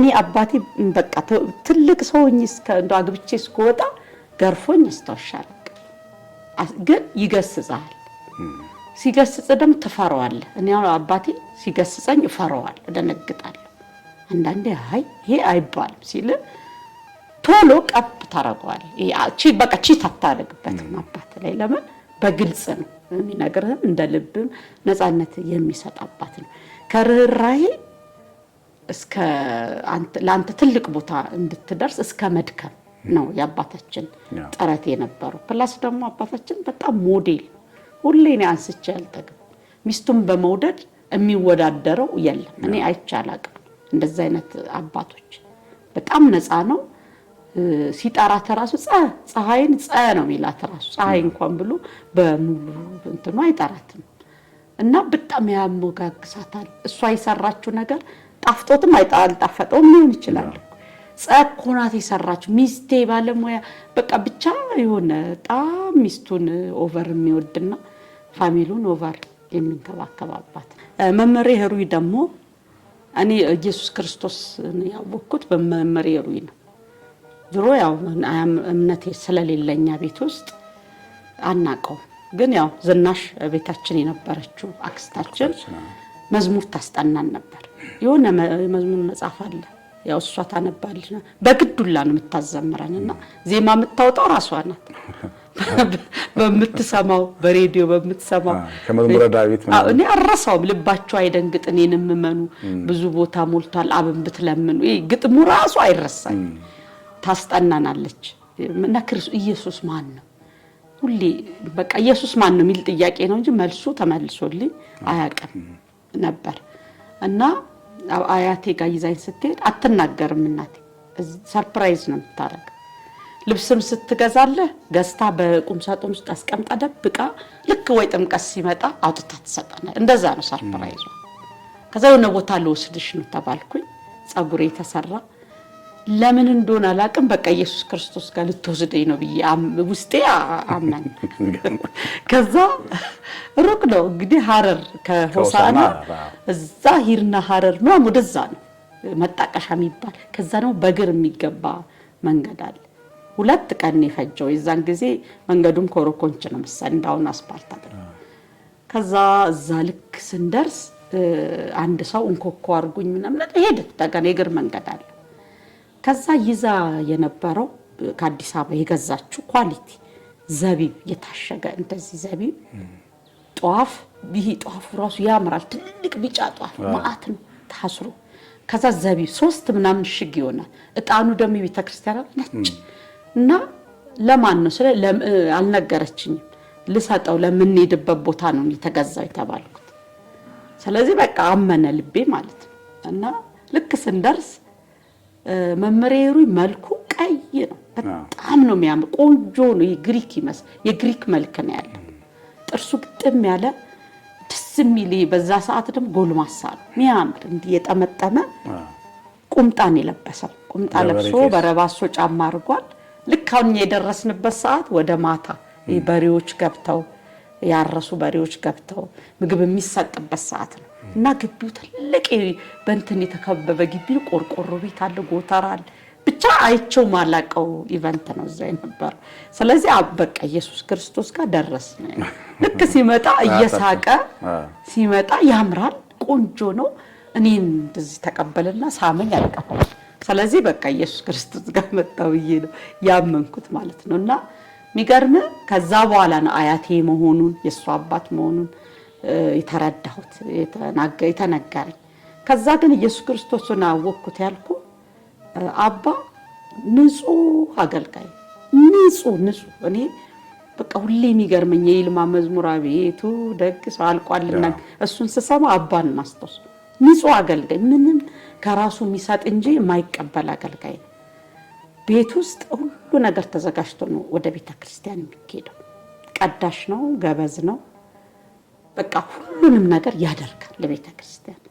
እኔ አባቴ በቃ ትልቅ ሰውኝ አግብቼ እስከወጣ ገርፎኝ አስታውሻለሁ። ግን ይገስጻል ሲገስጽ ደም ትፈረዋል። እኔ ያው አባቴ ሲገስጸኝ እፈረዋለሁ፣ እደነግጣለሁ። አንዳንዴ አይ ይሄ አይባልም ሲል ቶሎ ቀብ ታደርገዋለህ። በቃ ቺት አታደርግበትም አባት ላይ ለምን በግልጽ ነው የሚነግርህም እንደ ልብም ነፃነት የሚሰጥ አባት ነው። ከርኅራሄ እስከ ለአንተ ትልቅ ቦታ እንድትደርስ እስከ መድከም ነው የአባታችን ጥረት የነበረው። ፕላስ ደግሞ አባታችን በጣም ሞዴል ሁሌ እኔ አንስቼ አልጠግም። ሚስቱን በመውደድ የሚወዳደረው የለም። እኔ አይቻላቅ አላቅም። እንደዚ አይነት አባቶች በጣም ነፃ ነው። ሲጠራት ራሱ ፀሐይን ፀ ነው የሚላት ራሱ ፀሐይ እንኳን ብሎ በሙሉ እንትኑ አይጠራትም። እና በጣም ያሞጋግሳታል። እሷ የሰራችው ነገር ጣፍጦትም አልጣፈጠውም ሊሆን ይችላል። ፀኮ ናት የሰራችው ሚስቴ ባለሙያ በቃ ብቻ የሆነ በጣም ሚስቱን ኦቨር የሚወድና ፋሚሉ ኦቨር የሚንከባከባባት አባት። መመሬ ህሩይ ደግሞ እኔ ኢየሱስ ክርስቶስ ያወቅኩት በመመሬ ህሩይ ነው። ድሮ ያው እምነቴ ስለሌለኛ ቤት ውስጥ አናቀውም፣ ግን ያው ዝናሽ ቤታችን የነበረችው አክስታችን መዝሙር ታስጠናን ነበር። የሆነ መዝሙር መጽሐፍ አለ ያው እሷ ታነባለች። በግዱላ ነው የምታዘምረን እና ዜማ የምታወጣው ራሷ ናት። በምትሰማው በሬዲዮ በምትሰማው ከመዝሙረ ዳዊት እኔ አረሳውም። ልባቸው አይደንግጥ እኔን እመኑ ብዙ ቦታ ሞልቷል አብን ብትለምኑ። ግጥሙ ራሱ አይረሳኝ። ታስጠናናለች እና ኢየሱስ ማን ነው? ሁሌ በቃ ኢየሱስ ማን ነው የሚል ጥያቄ ነው እንጂ መልሱ ተመልሶልኝ አያውቅም ነበር እና አያቴ ጋር ይዛኝ ስትሄድ አትናገርም እናቴ። ሰርፕራይዝ ነው የምታደርገው ልብስም ስትገዛለህ ገዝታ በቁም ሳጥን ውስጥ አስቀምጣ ደብቃ ልክ ወይ ጥምቀት ሲመጣ አውጥታ ትሰጠነ። እንደዛ ነው ሰርፕራይዙ። ከዛ የሆነ ቦታ ልወስድሽ ነው ተባልኩኝ። ጸጉሬ የተሰራ ለምን እንደሆነ አላቅም በቃ ኢየሱስ ክርስቶስ ጋር ልትወስደኝ ነው ብዬ ውስጤ አመን። ከዛ ሩቅ ነው እንግዲህ ሀረር ከሆሳና እዛ ሂርና ሀረር ምናምን ወደዛ ነው መጣቀሻ የሚባል ከዛ ደግሞ በእግር የሚገባ መንገድ አለ ሁለት ቀን የፈጀው የዛን ጊዜ መንገዱም ኮረኮንች ነው መሰል እንዳሁን አስፓልት ከዛ እዛ ልክ ስንደርስ አንድ ሰው እንኮኮ አድርጉኝ ምናምን ሄደ ተጠቀን የእግር መንገድ አለ። ከዛ ይዛ የነበረው ከአዲስ አበባ የገዛችው ኳሊቲ ዘቢብ የታሸገ እንደዚህ ዘቢብ ጧፍ፣ ይህ ጧፉ ራሱ ያምራል። ትልቅ ቢጫ ጧፍ ማአት ነው ታስሮ ከዛ ዘቢብ ሶስት ምናምን ሽግ ይሆናል። እጣኑ ደግሞ የቤተክርስቲያን ነጭ እና ለማን ነው ስለ አልነገረችኝም። ልሰጠው ለምንሄድበት ቦታ ነው የተገዛው የተባልኩት። ስለዚህ በቃ አመነ ልቤ ማለት ነው። እና ልክ ስንደርስ መምህሬ መልኩ ቀይ ነው፣ በጣም ነው የሚያምር፣ ቆንጆ ነው። የግሪክ ይመስል የግሪክ መልክ ነው ያለው። ጥርሱ ግጥም ያለ ደስ የሚል በዛ ሰዓት ደግሞ ጎልማሳ ነው የሚያምር፣ እንዲህ የጠመጠመ ቁምጣን የለበሰው ቁምጣ ለብሶ በረባሶ ጫማ አድርጓል። ልክ አሁን የደረስንበት ሰዓት ወደ ማታ በሬዎች ገብተው ያረሱ በሬዎች ገብተው ምግብ የሚሰጥበት ሰዓት ነው እና ግቢው ትልቅ በእንትን የተከበበ ግቢ ቆርቆሮ ቤት አለ፣ ጎተራ አለ። ብቻ አይቸው ማላቀው ኢቨንት ነው እዛ ነበር። ስለዚህ በቃ ኢየሱስ ክርስቶስ ጋር ደረስ ልክ ሲመጣ እየሳቀ ሲመጣ ያምራል፣ ቆንጆ ነው። እኔን እንደዚህ ተቀበልና ሳመኝ አልቀበል ስለዚህ በቃ ኢየሱስ ክርስቶስ ጋር መጣሁ ብዬ ነው ያመንኩት ማለት ነው። እና የሚገርም ከዛ በኋላ ነው አያቴ መሆኑን የእሱ አባት መሆኑን የተረዳሁት የተነገረኝ። ከዛ ግን ኢየሱስ ክርስቶስን አወቅኩት ያልኩ አባ ንጹህ አገልጋይ ንጹህ ንጹህ እኔ በቃ ሁሌ የሚገርመኝ የይልማ መዝሙር አቤቱ ደግ ሰው አልቋልና እሱን ስሰማ አባን ማስታወስ ንጹህ አገልጋይ ምንም ከራሱ የሚሰጥ እንጂ የማይቀበል አገልጋይ ነው። ቤት ውስጥ ሁሉ ነገር ተዘጋጅቶ ነው ወደ ቤተ ክርስቲያን የሚሄደው። ቀዳሽ ነው፣ ገበዝ ነው። በቃ ሁሉንም ነገር ያደርጋል ለቤተ ክርስቲያን።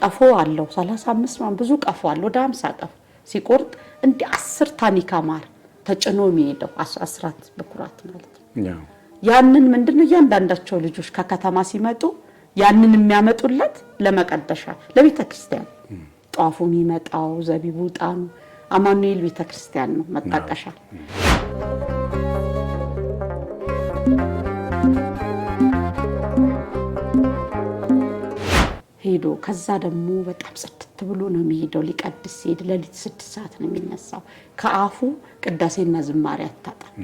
ቀፎ አለው 35 አምስት ብዙ ቀፎ አለው ወደ ሀምሳ ቀፎ ሲቆርጥ እንደ አስር ታኒካ ማር ተጭኖ የሚሄደው አስራት በኩራት ማለት ነው። ያንን ምንድነው እያንዳንዳቸው ልጆች ከከተማ ሲመጡ ያንን የሚያመጡለት ለመቀደሻ ለቤተ ክርስቲያን ጧፉ የሚመጣው ዘቢቡ ጣኑ አማኑኤል ቤተ ክርስቲያን ነው መጣቀሻ። ሄዶ ከዛ ደግሞ በጣም ጽድት ብሎ ነው የሚሄደው። ሊቀድስ ሲሄድ ሌሊት ስድስት ሰዓት ነው የሚነሳው። ከአፉ ቅዳሴና ዝማሬ አታጣም።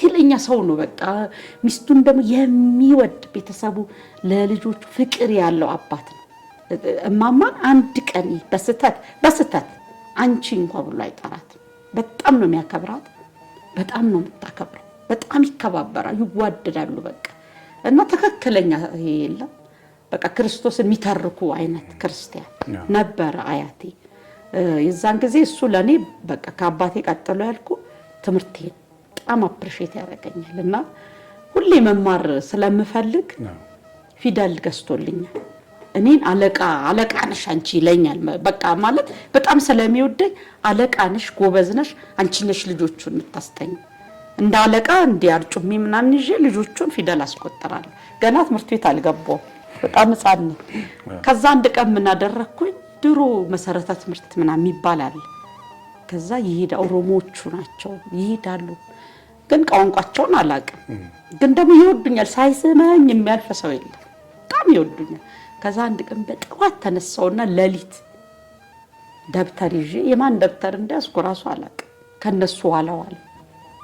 ትክክለኛ ሰው ነው። በቃ ሚስቱን ደግሞ የሚወድ ቤተሰቡ ለልጆቹ ፍቅር ያለው አባት ነው። እማማ አንድ ቀን በስተት በስተት አንቺ እንኳ ብሎ አይጠራት። በጣም ነው የሚያከብራት፣ በጣም ነው የምታከብረው፣ በጣም ይከባበራል፣ ይዋደዳሉ። በቃ እና ትክክለኛ ይሄ የለም በቃ ክርስቶስ የሚተርኩ አይነት ክርስቲያን ነበረ አያቴ። የዛን ጊዜ እሱ ለእኔ በቃ ከአባቴ ቀጥሎ ያልኩ ትምህርቴ በጣም አፕሪሼት ያደርገኛል እና ሁሌ መማር ስለምፈልግ ፊደል ገዝቶልኛል። እኔን አለቃ አለቃ ነሽ አንቺ ይለኛል። በቃ ማለት በጣም ስለሚወደኝ አለቃ ነሽ፣ ጎበዝ ነሽ፣ አንቺ ነሽ ልጆቹን የምታስተኝ። እንደ አለቃ እንዲህ ምናምን ይዤ ልጆቹን ፊደል አስቆጠራለሁ። ገና ትምህርት ቤት አልገባሁም፣ በጣም ሕፃን ነኝ። ከዛ አንድ ቀን ምን ድሮ መሰረተ ትምህርት ምናምን ይባላል ከዛ ይሄዳ ኦሮሞዎቹ ናቸው ይሄዳሉ ግን ቋንቋቸውን አላውቅም። ግን ደግሞ ይወዱኛል፣ ሳይስመኝ የሚያልፍ ሰው የለም። በጣም ይወዱኛል። ከዛ አንድ ቀን በጠዋት ተነሳውና ሌሊት ደብተር ይዤ የማን ደብተር እንዳያዝኩ ራሱ አላውቅም። ከነሱ ኋላ ኋላ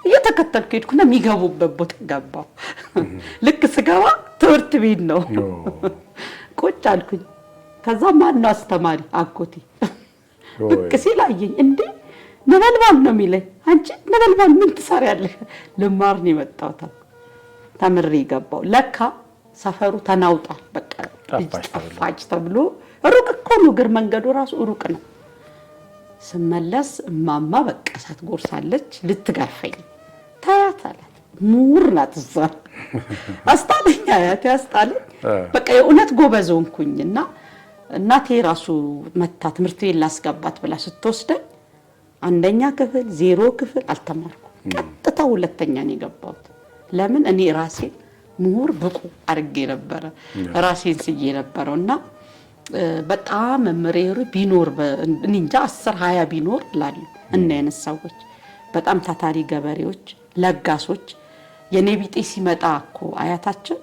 እየተከተልኩ ሄድኩና የሚገቡበት ቦታ ገባሁ። ልክ ስገባ ትምህርት ቤት ነው። ቁጭ አልኩኝ። ከዛ ማነው አስተማሪ አጎቴ ብቅ ሲል አየኝ። እንዴ ነበልባል ነው የሚለኝ። አንቺ ነበልባል ምን ትሰሪያለሽ? ልማር ነው የመጣሁት ተምሬ ገባሁ። ለካ ሰፈሩ ተናውጧል። በቃ ጠፋች ተብሎ ሩቅ እኮ ነው፣ እግር መንገዱ ራሱ ሩቅ ነው። ስመለስ እማማ በቃ ጎርሳለች ልትጋፈኝ ታያት አላት። ምሁር ናት እዛ አስጣለኝ፣ አያቴ አስጣለኝ። በቃ የእውነት ጎበዝ እና እናቴ ራሱ መታ ትምህርት ቤት ላስገባት ብላ ስትወስደኝ አንደኛ ክፍል ዜሮ ክፍል አልተማርኩም። ቀጥታ ሁለተኛ ነው የገባሁት። ለምን እኔ ራሴን ምሁር ብቁ አድርጌ ነበረ ራሴን ስዬ ነበረው እና በጣም መምሬሩ ቢኖር እንጃ አስር ሀያ ቢኖር ላሉ እና አይነት ሰዎች በጣም ታታሪ ገበሬዎች፣ ለጋሶች የኔ ቢጤ ሲመጣ እኮ አያታችን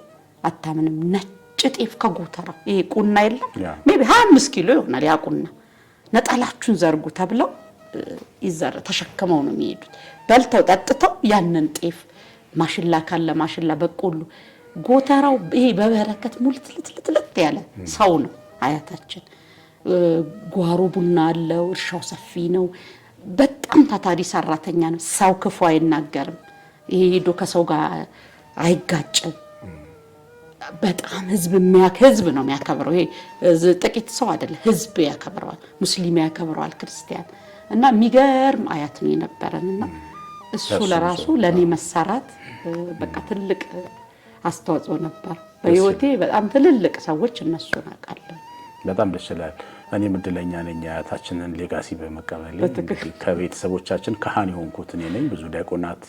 አታምንም ነጭ ጤፍ ከጎተራ ይሄ ቁና የለም ሜይ ቢ ሀያ አምስት ኪሎ ይሆናል ያ ቁና ነጠላችሁን ዘርጉ ተብለው ይዘራ ተሸክመው ነው የሚሄዱት። በልተው ጠጥተው ያንን ጤፍ ማሽላ ካለ ማሽላ፣ በቆሎ ጎተራው ይሄ በበረከት ሙልትልትልትልት ያለ ሰው ነው አያታችን። ጓሮ ቡና አለው፣ እርሻው ሰፊ ነው። በጣም ታታሪ ሰራተኛ ነው። ሰው ክፉ አይናገርም። ይሄ ሄዶ ከሰው ጋር አይጋጭም። በጣም ህዝብ ህዝብ ነው የሚያከብረው። ይሄ ጥቂት ሰው አይደለም፣ ህዝብ ያከብረዋል። ሙስሊም ያከብረዋል፣ ክርስቲያን እና የሚገርም አያት ነው የነበረን እና እሱ ለራሱ ለእኔ መሰራት በቃ ትልቅ አስተዋጽኦ ነበር በህይወቴ። በጣም ትልልቅ ሰዎች እነሱን አውቃለሁ። በጣም ደስ ይላል። እኔም እድለኛ ነኝ አያታችንን ሌጋሲ በመቀበል ከቤተሰቦቻችን ካህን የሆንኩት እኔ ነኝ። ብዙ ዲያቆናት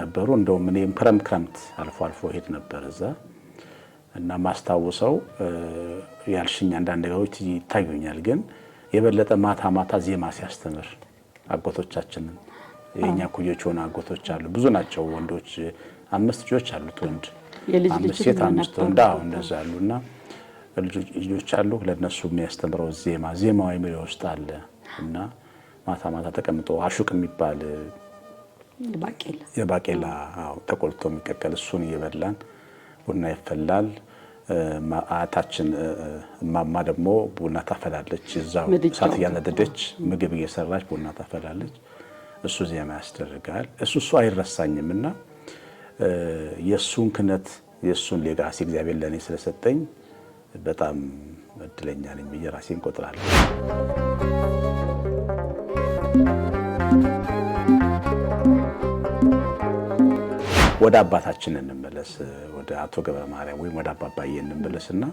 ነበሩ። እንደውም እኔም ክረም ክረምት አልፎ አልፎ ሄድ ነበር እዛ እና ማስታውሰው ያልሽኝ አንዳንድ ነገሮች ይታዩኛል ግን የበለጠ ማታ ማታ ዜማ ሲያስተምር አጎቶቻችንን የእኛ ኩዮች የሆነ አጎቶች አሉ። ብዙ ናቸው ወንዶች፣ አምስት ልጆች አሉት ወንድ አምስት ሴት አምስት ወንድ እንደዛ አሉ እና ልጆች አሉ። ለነሱ የሚያስተምረው ዜማ ዜማው የሚለው ውስጥ አለ እና ማታ ማታ ተቀምጦ አሹቅ የሚባል የባቄላ ተቆልቶ የሚቀቀል እሱን እየበላን ቡና ይፈላል። አያታችን እማማ ደግሞ ቡና ታፈላለች። እዛው እሳት እያነደደች ምግብ እየሰራች ቡና ታፈላለች። እሱ ዜማ ያስደርጋል። እሱ እሱ አይረሳኝም እና የእሱን ክነት የእሱን ሌጋሲ እግዚአብሔር ለእኔ ስለሰጠኝ በጣም እድለኛ ነኝ ብዬ ራሴን ቆጥራለሁ። ወደ አባታችን እንመለስ፣ ወደ አቶ ገብረ ማርያም ወይም ወደ አባባዬ እንመለስ እና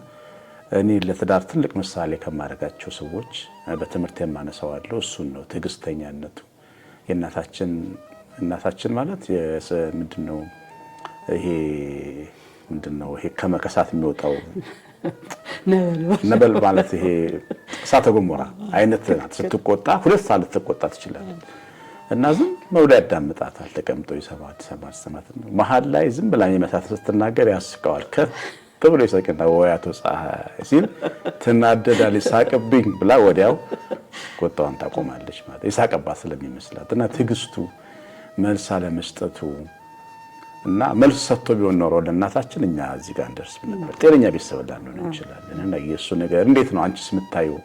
እኔ ለትዳር ትልቅ ምሳሌ ከማደርጋቸው ሰዎች በትምህርት የማነሳዋለሁ እሱን ነው። ትዕግስተኛነቱ የእናታችን እናታችን ማለት ምንድነው ይሄ ምንድነው ይሄ ከመከሳት የሚወጣው ነበል ማለት ይሄ እሳተ ገሞራ አይነት ናት። ስትቆጣ ሁለት ሰዓት ልትቆጣ ትችላለች። እና ዝም ብሎ ያዳምጣታል ተቀምጦ የሰባት ሰባት ሰማት ነው። መሀል ላይ ዝም ብላ የመሳት ስትናገር ያስቀዋል። ከፍ ብሎ ይሰቅና ወይ አቶ ፀሐይ ሲል ትናደዳል። ይሳቅብኝ ብላ ወዲያው ቆጣዋን ታቆማለች። ማለት የሳቀባት ስለሚመስላት እና ትዕግስቱ መልስ አለመስጠቱ እና መልስ ሰጥቶ ቢሆን ኖሮ ለእናታችን እኛ እዚህ ጋር እንደርስ ነበር። ጤነኛ ቤተሰብ ላንሆን እንችላለን። እና የእሱ ነገር እንዴት ነው አንቺስ የምታየው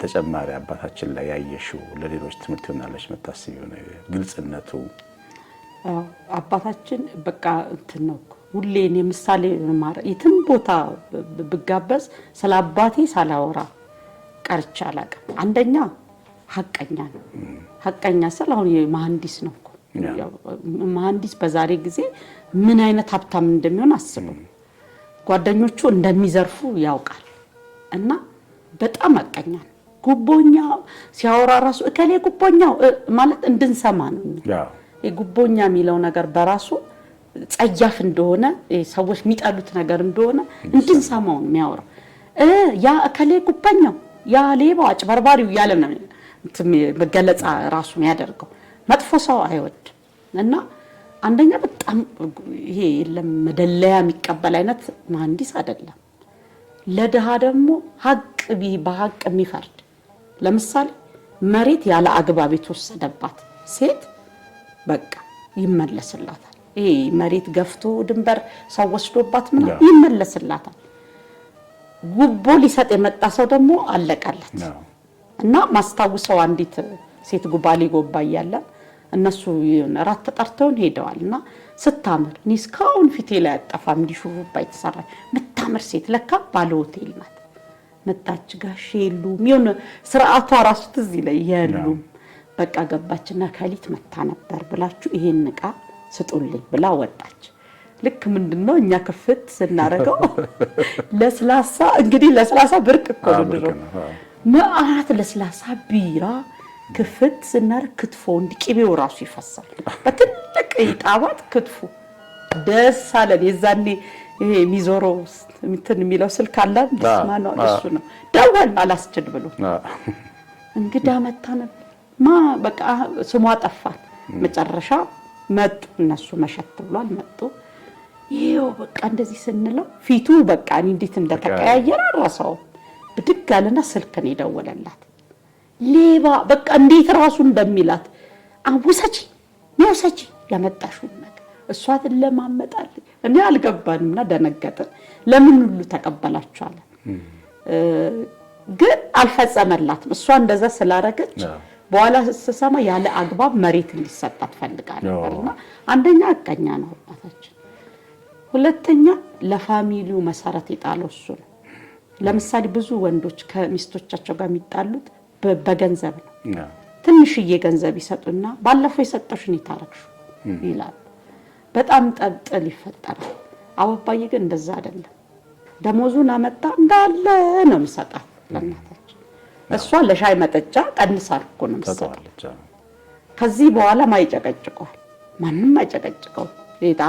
ተጨማሪ አባታችን ላይ ያየሽው ለሌሎች ትምህርት ይሆናለች መታሰቢው ነው ግልጽነቱ። አባታችን በቃ እንትን ነው ሁሌ እኔ ምሳሌ የትም ቦታ ብጋበዝ ስለ አባቴ ሳላወራ ቀርቼ አላውቅም። አንደኛ ሀቀኛ ነው። ሀቀኛ ስል አሁን መሀንዲስ ነው እኮ መሀንዲስ በዛሬ ጊዜ ምን አይነት ሀብታም እንደሚሆን አስበው። ጓደኞቹ እንደሚዘርፉ ያውቃል እና በጣም አቀኛል። ጉቦኛ ሲያወራ ራሱ እከሌ ጉቦኛው ማለት እንድንሰማ ነው። ጉቦኛ የሚለው ነገር በራሱ ጸያፍ እንደሆነ ሰዎች የሚጠሉት ነገር እንደሆነ እንድንሰማው ነው የሚያወራው። ያ እከሌ ጉበኛው፣ ያ ሌባው፣ አጭበርባሪው እያለ መገለጻ ራሱ ያደርገው። መጥፎ ሰው አይወድ እና አንደኛ በጣም ይሄ የለም መደለያ የሚቀበል አይነት መሀንዲስ አይደለም። ለድሃ ደግሞ ሀቅ በሀቅ የሚፈርድ ለምሳሌ መሬት ያለ አግባብ የተወሰደባት ሴት በቃ ይመለስላታል። ይሄ መሬት ገፍቶ ድንበር ሰው ወስዶባት ምናምን ይመለስላታል። ጉቦ ሊሰጥ የመጣ ሰው ደግሞ አለቀለት እና ማስታውሰው አንዲት ሴት ጉባሌ ጎባ እያለ እነሱ እራት ተጠርተውን ሄደዋል እና ስታምር እኔ እስካሁን ፊቴ ላይ ያጠፋ እንዲሹሩባ የተሰራ የምታምር ሴት ለካ ባለ ሆቴል ናት። መጣች ጋሽ የሉም የሆነ ስርዓቷ ራሱ ትዝ ይለ የሉም በቃ ገባችና ከሊት መታ ነበር ብላችሁ ይሄን እቃ ስጡልኝ ብላ ወጣች። ልክ ምንድን ነው እኛ ክፍት ስናደርገው ለስላሳ እንግዲህ ለስላሳ ብርቅ እኮ ድሮ መዓት ለስላሳ ቢራ ክፍት ስናደርግ ክትፎ እንዲቅቤው ራሱ ይፈሳል። በትልቅ ይጣባት ክትፎ ደስ አለን የዛኔ ይሄ የሚዞሮ እንትን የሚለው ስልክ አለ ስማ ነው እሱ ነው ደወል አላስችል ብሎ እንግዳ መታ ነበር ማ በቃ ስሟ ጠፋን። መጨረሻ መጡ እነሱ መሸት ብሏል መጡ። ይሄው በቃ እንደዚህ ስንለው ፊቱ በቃ እኔ እንዴት እንደተቀያየረ አረሰውም። ብድግ አለና ስልክን ነው የደወለላት ሌባ በቃ እንዴት ራሱ እንደሚላት አውሰጂ ነው ሰጂ ለመጣሹ እሷ ትለማመጣለች። እኔ አልገባንም ደነገጥን። ለምን ሁሉ ተቀበላችኋል? ግን አልፈጸመላትም። እሷ እንደዛ ስላረገች በኋላ ስሰማ ያለ አግባብ መሬት እንዲሰጣት ፈልጋ ነበርና አንደኛ እቀኛ ነው አባታችን፣ ሁለተኛ ለፋሚሊው መሰረት የጣለው እሱ ነው። ለምሳሌ ብዙ ወንዶች ከሚስቶቻቸው ጋር የሚጣሉት በገንዘብ ነው። ትንሽዬ ገንዘብ ይሰጡና ባለፈው የሰጠሽን የታረግሹ ይላል። በጣም ጠብጥል ይፈጠራል። አበባዬ ግን እንደዛ አይደለም። ደሞዙን አመጣ እንዳለ ነው የምሰጣት ለእናታችን። እሷ ለሻይ መጠጫ ቀንሳል እኮ ነው የምሰጣት። ከዚህ በኋላ ማይጨቀጭቀዋል ማንም አይጨቀጭቀው።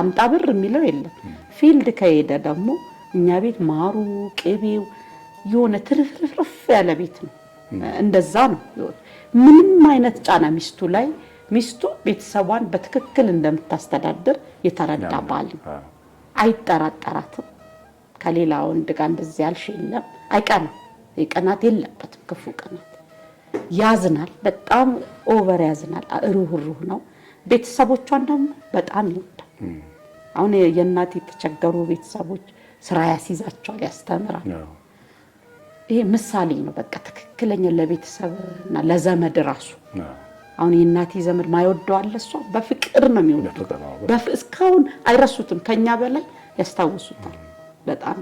አምጣ ብር የሚለው የለም። ፊልድ ከሄደ ደግሞ እኛ ቤት ማሩ ቅቤው የሆነ ትርፍርፍርፍ ያለ ቤት ነው። እንደዛ ነው። ምንም አይነት ጫና ሚስቱ ላይ ሚስቱ ቤተሰቧን በትክክል እንደምታስተዳድር የተረዳ ባል አይጠራጠራትም። ከሌላ ወንድ ጋር እንደዚህ ያልሽ የለም። አይቀናም፣ ቅናት የለበትም፣ ክፉ ቅናት። ያዝናል፣ በጣም ኦቨር ያዝናል። ሩህሩህ ነው። ቤተሰቦቿን ደግሞ በጣም ይወዳል። አሁን የእናት የተቸገሩ ቤተሰቦች ስራ ያስይዛቸዋል፣ ያስተምራል። ይሄ ምሳሌ ነው። በቃ ትክክለኛ ለቤተሰብ እና ለዘመድ ራሱ አሁን የእናቴ ዘመድ ማይወደዋለ እሷ በፍቅር ነው የሚወደው። እስካሁን አይረሱትም፣ ከኛ በላይ ያስታውሱታል። በጣም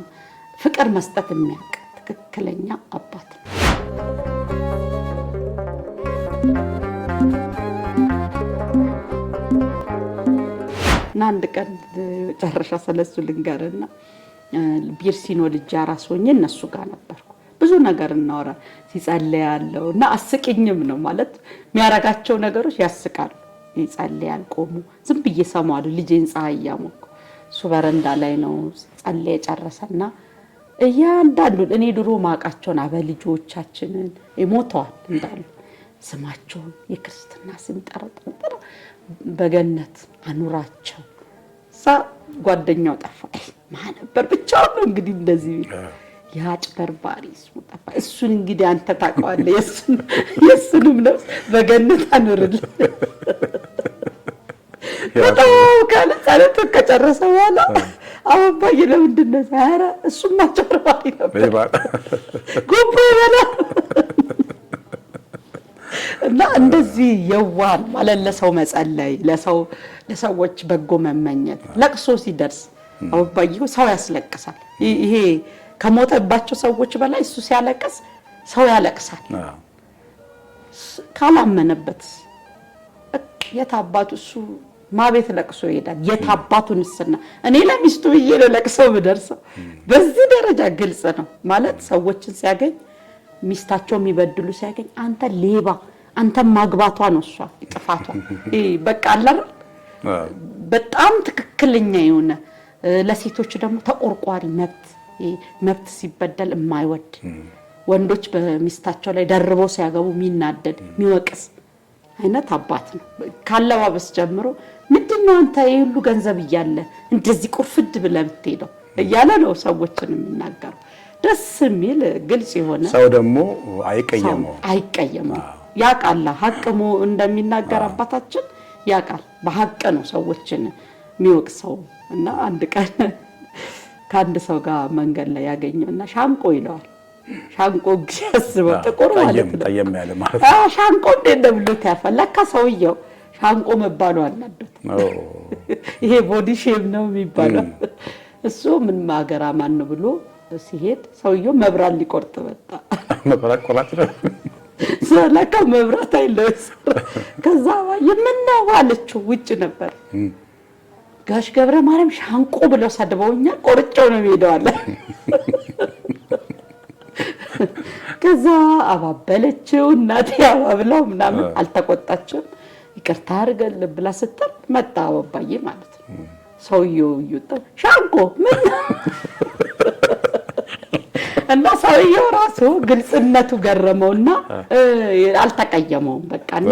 ፍቅር መስጠት የሚያውቅ ትክክለኛ አባት ነው። እና አንድ ቀን መጨረሻ ስለሱ ልንገርና ቢርሲኖ ልጅ አራስ ሆኜ እነሱ ጋር ነበርኩ ብዙ ነገር እናወራ ሲጸለያለው እና አስቂኝም ነው ማለት የሚያረጋቸው ነገሮች ያስቃሉ። ይጸለያል ቆሙ ዝም ብዬ ሰማዋለሁ። ልጄን ፀሐይ እያሞቅ እሱ በረንዳ ላይ ነው ጸለየ ጨረሰና እያንዳንዱን እኔ ድሮ ማውቃቸውን ልጆቻችንን ሞተዋል እንዳሉ ስማቸውን የክርስትና ስም ጠረጠረ በገነት አኑራቸው እዛ ጓደኛው ጠፋ ማነበር ብቻ ነው እንግዲህ እንደዚህ የአጭበርባሪ ስሙ ጠፋ። እሱን እንግዲህ አንተ ታውቀዋለህ። የእሱንም ነፍስ በገነት አኑርልን። በጣም ካለ ጸሎት ከጨረሰ በኋላ አሁን ባየ ለምንድን ነው ኧረ እሱም አጭበርባሪ ነበር፣ ጉቦ ይበላል እና እንደዚህ የዋል ማለት ለሰው መጸለይ፣ ለሰው ለሰዎች በጎ መመኘት፣ ለቅሶ ሲደርስ አሁን ባየው ሰው ያስለቅሳል ይሄ ከሞተባቸው ሰዎች በላይ እሱ ሲያለቅስ ሰው ያለቅሳል። ካላመነበት የታባቱ እሱ ማቤት ለቅሶ ይሄዳል። የታባቱ ንስና እኔ ለሚስቱ ብዬ ለለቅሰው ብደርሰው በዚህ ደረጃ ግልጽ ነው ማለት ሰዎችን ሲያገኝ ሚስታቸው የሚበድሉ ሲያገኝ አንተ ሌባ አንተ ማግባቷ ነው እሷ ጥፋቷ። በቃ አላር በጣም ትክክለኛ የሆነ ለሴቶች ደግሞ ተቆርቋሪ መብት መብት ሲበደል የማይወድ ወንዶች በሚስታቸው ላይ ደርበው ሲያገቡ የሚናደድ የሚወቅስ አይነት አባት ነው። ካለባበስ ጀምሮ ምንድን ነው አንተ ይህ ሁሉ ገንዘብ እያለ እንደዚህ ቁርፍድ ብለህ ብትሄደው እያለ ነው ሰዎችን የሚናገረው። ደስ የሚል ግልጽ የሆነ ሰው ደግሞ አይቀየመው አይቀየመው። ያቃላ ሀቅሙ እንደሚናገር አባታችን ያቃል። በሀቅ ነው ሰዎችን የሚወቅሰው እና አንድ ቀን ከአንድ ሰው ጋር መንገድ ላይ ያገኘው እና ሻንቆ ይለዋል። ሻንቆ እንግዲህ አስበው ጥቁር ማለት ነው። ሻንቆ እንዴት ነው ብሎት ለካ ሰውየው ሻንቆ መባሉ አናዶት፣ ይሄ ቦዲ ሼም ነው የሚባለው። እሱ ምን ማገራ ማን ብሎ ሲሄድ ሰውየው መብራት ሊቆርጥ መጣ። መብራት ቆራጭ ነው ለካ መብራት አይለስ። ከዛ የምናዋለችው ውጭ ነበር ጋሽ ገብረ ማርያም ሻንቆ ብለው ሰድበውኛል። ቆርጬው ነው ሄደዋለ። ከዛ አባበለችው እናቴ አባብላው ምናምን አልተቆጣችም። ይቅርታ አድርገን ብላ ስትል መጣ አባባዬ ማለት ነው። ሰውየው እየወጣ ሻንቆ ምን እና ሰውየው ራሱ ግልጽነቱ ገረመውና አልተቀየመውም በቃና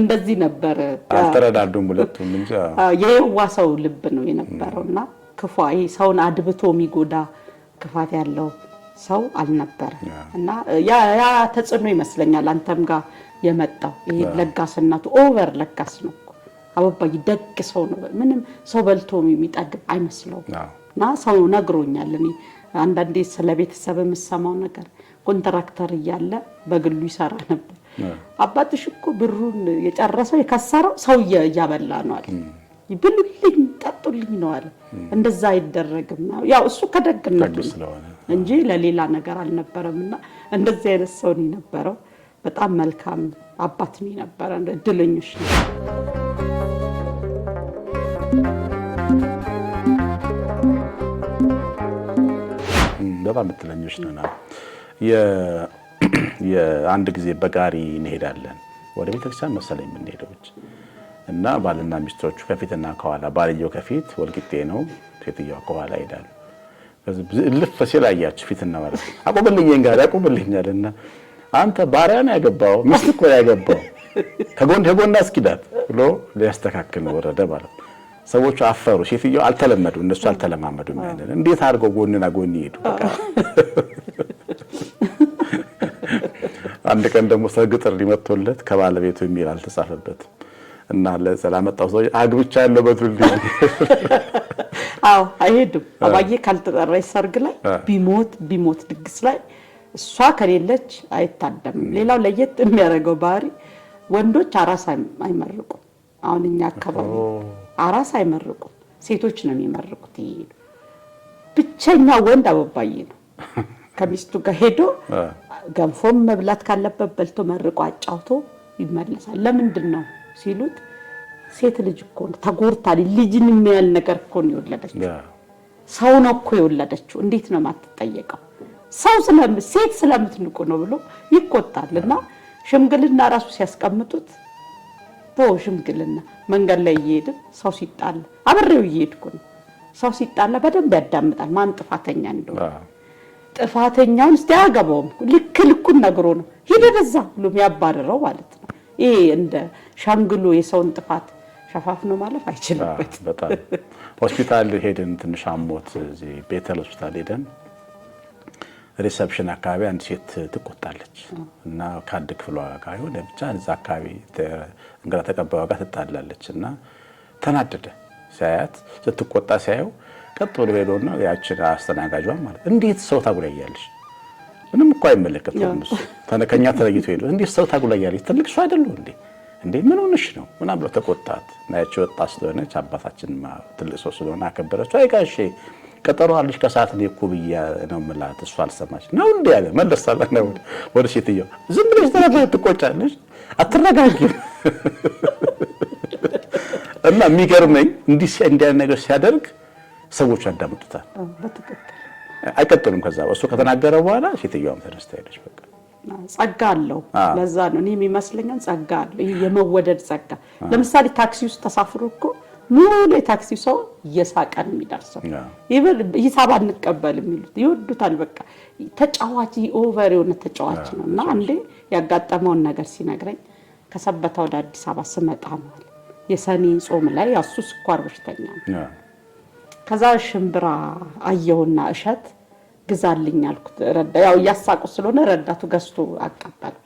እንደዚህ ነበር። አልተረዳዱም ሁለቱም እንጂ የየዋ ሰው ልብ ነው የነበረው እና ክፉ ሰውን አድብቶ የሚጎዳ ክፋት ያለው ሰው አልነበረ እና ያ ተጽዕኖ ይመስለኛል አንተም ጋር የመጣው ይሄ ለጋስነቱ ኦቨር ለጋስ ነው አበባዬ ደግ ሰው ነው። ምንም ሰው በልቶ የሚጠግብ አይመስለውም። እና ሰው ነግሮኛል። እኔ አንዳንዴ ስለ ቤተሰብ የምሰማው ነገር ኮንትራክተር እያለ በግሉ ይሰራ ነበር አባትሽ እኮ ብሩን የጨረሰው የከሰረው ሰው እያበላ ነው አለ። ብሉልኝ ጠጡልኝ ነው አለ። እንደዛ አይደረግም። ያው እሱ ከደግነቱ እንጂ ለሌላ ነገር አልነበረም። እና እንደዚህ አይነት ሰው ነው የነበረው። በጣም መልካም አባት ነው የነበረ። እድለኞች ነው። በጣም እድለኞች ነና የአንድ ጊዜ በጋሪ እንሄዳለን ወደ ቤተክርስቲያን መሰለኝ የምንሄደው እና ባልና ሚስቶቹ ከፊትና ከኋላ ባልየው ከፊት ወልቂጤ ነው፣ ሴትዮዋ ከኋላ ይሄዳል። ልፍ ሲል አያቸው ፊትና ማለት አቁምልኝ ጋር ያቁምልኛል እና አንተ ባሪያ ነው ያገባው ሚስት እኮ ያገባው ከጎን ከጎን አስኪዳት ብሎ ሊያስተካክል ወረደ ማለት ሰዎቹ አፈሩ። ሴትዮዋ አልተለመዱ እነሱ አልተለማመዱ ያለን እንዴት አድርገው ጎንና ጎን ይሄዱ አንድ ቀን ደግሞ ሰግጥር ጥሪ ከባለቤቱ የሚል አልተጻፈበትም እና ለመጣው ሰው አግብቻ ያለው በትል አዎ አይሄድም። አባዬ ካልተጠራች ሰርግ ላይ ቢሞት ቢሞት ድግስ ላይ እሷ ከሌለች አይታደምም። ሌላው ለየት የሚያደርገው ባህሪ ወንዶች አራስ አይመርቁም። አሁን እኛ አካባቢ አራስ አይመርቁም፣ ሴቶች ነው የሚመርቁት። ይሄ ብቸኛ ወንድ አበባዬ ነው። ከሚስቱ ጋር ሄዶ ገንፎም መብላት ካለበት በልቶ መርቆ አጫውቶ ይመለሳል። ለምንድን ነው ሲሉት ሴት ልጅ እኮ ተጎርታ ልጅን የሚያል ነገር እኮ ነው የወለደችው። ሰው ነው እኮ የወለደችው። እንዴት ነው የማትጠየቀው? ሰው ሴት ስለምትንቁ ነው ብሎ ይቆጣል። እና ሽምግልና ራሱ ሲያስቀምጡት ቦ ሽምግልና መንገድ ላይ እየሄድ ሰው ሲጣላ አብሬው እየሄድኩ ነው ሰው ሲጣላ በደንብ ያዳምጣል ማን ጥፋተኛ እንደሆነ ጥፋተኛውን እስቲ አያገባውም። ልክ ልኩን ነግሮ ነው ሂደ በዛ ብሎ የሚያባርረው ማለት ነው። ይሄ እንደ ሻንግሎ የሰውን ጥፋት ሸፋፍኖ ማለፍ አይችልበት። ሆስፒታል ሄድን፣ ትንሽ አሞት እዚህ ቤተል ሆስፒታል ሄደን ሪሰፕሽን አካባቢ አንድ ሴት ትቆጣለች እና ከአንድ ክፍሏ ጋር የሆነ ብቻ እዛ አካባቢ እንግዳ ተቀባዩ ጋር ትጣላለች እና ተናደደ። ሲያያት ስትቆጣ ሲያየው ቀጥ ብሎ ሄዶና ያችን አስተናጋጇን ማለት እንዴት ሰው ታጉላያለሽ? ምንም እኮ አይመለከተውም እሱ ከእኛ ተለይቶ ሄዶ እንዴት ሰው ታጉላያለሽ? ትልቅ ሰው አይደሉ እንዴ? እንዴ ምን ሆነሽ ነው ምናምን ብሎ ተቆጣት። ናያቸው ወጣት ስለሆነች አባታችን ትልቅ ሰው ስለሆነ አከበረችው። አይ ጋሼ ቀጠሮ አለሽ ከሰዓት እኔ እኮ ብያ ነው የምላት፣ እሱ አልሰማች ነው እንዴ ያለ መለሳለ ነው ወደ ሴትየው ዝም ብለሽ ተረጋ ትቆጫለሽ፣ አትረጋጊ እና የሚገርመኝ እንዲህ እንዲያ ነገር ሲያደርግ ሰዎች ያዳምጡታል። አይቀጥሉም። ከዛ እሱ ከተናገረ በኋላ ሴትዮዋም ተነስታ ሄደች። በቃ ጸጋ አለው። ለዛ ነው እኔ የሚመስለኛል ጸጋ አለው። ይህ የመወደድ ጸጋ። ለምሳሌ ታክሲ ውስጥ ተሳፍሮ እኮ ሙሉ የታክሲ ሰው እየሳቀን የሚደርሰው ሂሳብ አንቀበል የሚሉት ይወዱታል። በቃ ተጫዋች ኦቨር የሆነ ተጫዋች ነው። እና አንዴ ያጋጠመውን ነገር ሲነግረኝ ከሰበታ ወደ አዲስ አበባ ስመጣ ነው የሰኔ ጾም ላይ ያሱ ስኳር በሽተኛ ነው ከዛ ሽምብራ አየውና እሸት ግዛልኝ አልኩት። ረዳ ያው እያሳቁ ስለሆነ ረዳቱ ገዝቶ አቀበለው።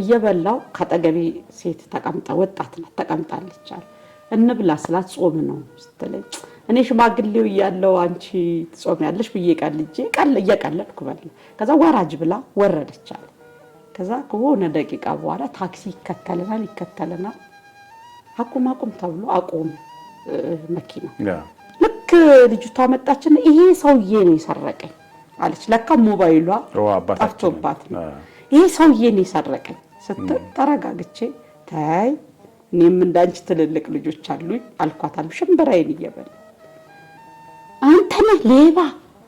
እየበላው ከጠገቤ ሴት ተቀምጣ ወጣት ናት ተቀምጣለች አለ እንብላ ስላት ጾም ነው ስትለኝ እኔ ሽማግሌው እያለው አንቺ ጾም ያለሽ ብዬ ቀልጄ እየቀለድኩ በላ። ከዛ ወራጅ ብላ ወረደች አለ። ከዛ ከሆነ ደቂቃ በኋላ ታክሲ ይከተለናል ይከተለናል። አቁም አቁም ተብሎ አቁም መኪና ልክ ልጅቷ መጣችን። ይሄ ሰውዬ ነው የሰረቀኝ አለች። ለካ ሞባይሏ ጠፍቶባት ነው። ይሄ ሰውዬ ነው የሰረቀኝ ስትል ተረጋግቼ ተይ እኔም እንዳንቺ ትልልቅ ልጆች አሉኝ አልኳታል። ሽምብራዬን እየበላ አንተ ነህ ሌባ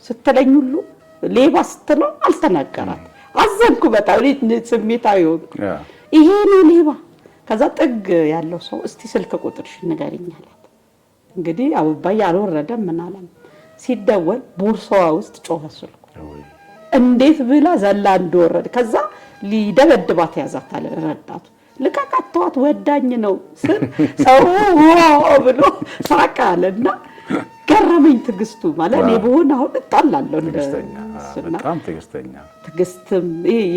ስትለኝ ሁሉ ሌባ ስትለው አልተናገራት። አዘንኩ በጣም ስሜታዊ ሆንኩ። ይሄ ነው ሌባ። ከዛ ጥግ ያለው ሰው እስቲ ስልክ ቁጥርሽ ንገሪኝ እንግዲህ አበባዬ አልወረደም ምናለም ሲደወል ቦርሳዋ ውስጥ ጮኸ ስልኩ። እንዴት ብላ ዘላ እንደወረድ ከዛ ሊደበድባት ያዛታል ረዳቱ ልቀቃት ተዋት ወዳኝ ነው ስል ሰው ብሎ ሳቅ አለ እና ገረመኝ። ትግስቱ ማለት እኔ በሆነ አሁን እጣላለሁ ትግስትም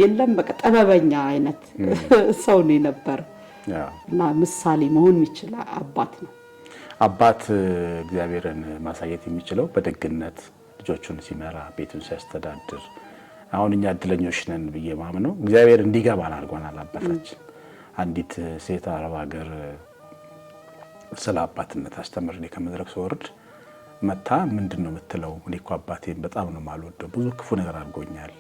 የለም በቃ ጠበበኛ አይነት ሰው ነው የነበረ እና ምሳሌ መሆን የሚችል አባት ነው። አባት እግዚአብሔርን ማሳየት የሚችለው በደግነት ልጆቹን ሲመራ ቤቱን ሲያስተዳድር፣ አሁን እኛ እድለኞች ነን ብዬ ማምነው እግዚአብሔር እንዲገባን አድርጎናል አባታችን። አንዲት ሴት አረብ ሀገር ስለ አባትነት አስተምር እኔ ከመድረክ ስወርድ መታ ምንድን ነው የምትለው? እኔ እኮ አባቴን በጣም ነው የማልወደው፣ ብዙ ክፉ ነገር አድርጎኛል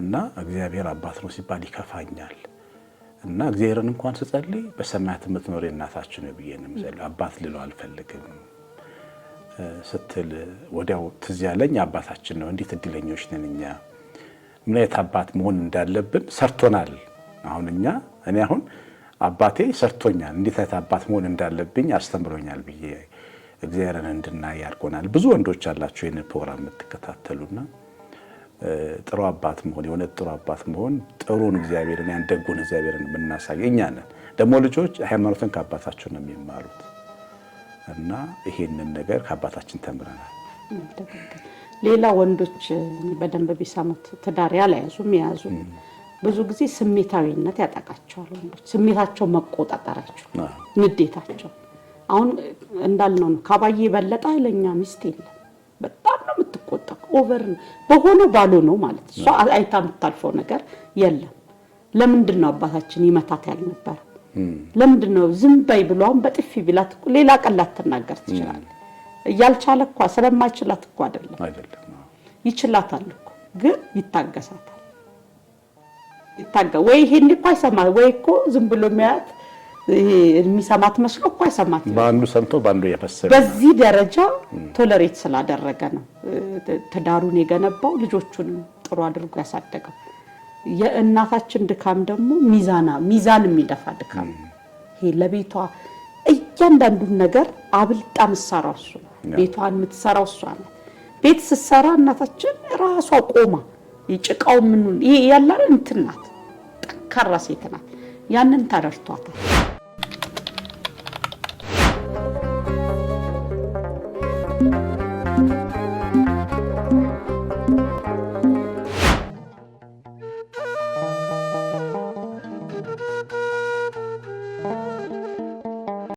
እና እግዚአብሔር አባት ነው ሲባል ይከፋኛል እና እግዚአብሔርን እንኳን ስጸልይ በሰማያት የምትኖር እናታችን ነው ብዬ ነው የምጸልይ። አባት ልለው አልፈልግም ስትል ወዲያው ትዝ ያለኝ አባታችን ነው። እንዴት እድለኞች ነን እኛ! ምን አይነት አባት መሆን እንዳለብን ሰርቶናል። አሁን እኛ እኔ አሁን አባቴ ሰርቶኛል፣ እንዴት አይነት አባት መሆን እንዳለብኝ አስተምሮኛል ብዬ እግዚአብሔርን እንድናይ ያድርጎናል። ብዙ ወንዶች አላቸው ይህን ፕሮግራም የምትከታተሉና ጥሩ አባት መሆን የሆነ ጥሩ አባት መሆን ጥሩን እግዚአብሔርን ያን ደጉን እግዚአብሔርን የምናሳይ እኛ ነን። ደግሞ ልጆች ሃይማኖትን ከአባታቸው ነው የሚማሩት እና ይሄንን ነገር ከአባታችን ተምረናል። ሌላ ወንዶች በደንብ ቢሰሙት ትዳር ያልያዙም የያዙ ብዙ ጊዜ ስሜታዊነት ያጠቃቸዋል። ወንዶች ስሜታቸው መቆጣጠራቸው፣ ንዴታቸው አሁን እንዳልነው ነው። ካባዬ የበለጠ ኃይለኛ ሚስት የለም። በጣም ነው ኦቨር በሆነ ነው ማለት እሷ አይታ የምታልፈው ነገር የለም። ለምንድን ነው አባታችን ይመታት ያልነበረ? ለምንድን ነው ዝም በይ ብሎ አሁን በጥፊ ቢላት ሌላ ቀን ላትናገር ትችላለች። እያልቻለ እኳ ስለማይችላት እኮ አይደለም፣ ይችላታል እኮ ግን ይታገሳታል። ይታገ ወይ ይሄን እኮ አይሰማ ወይ እኮ ዝም ብሎ የሚያያት የሚሰማት መስሎ እኮ አይሰማት። በአንዱ ሰምቶ በአንዱ የፈሰ በዚህ ደረጃ ቶለሬት ስላደረገ ነው ትዳሩን የገነባው ልጆቹንም ጥሩ አድርጎ ያሳደገው። የእናታችን ድካም ደግሞ ሚዛና ሚዛን የሚደፋ ድካም ይሄ ለቤቷ እያንዳንዱን ነገር አብልጣ ምሰራው እሱ ቤቷን የምትሰራው እሷ ነው። ቤት ስትሰራ እናታችን ራሷ ቆማ የጭቃው ምኑን ይሄ ያላለ እንትን ናት፣ ጠንካራ ሴት ናት። ያንን ተረድቷታል።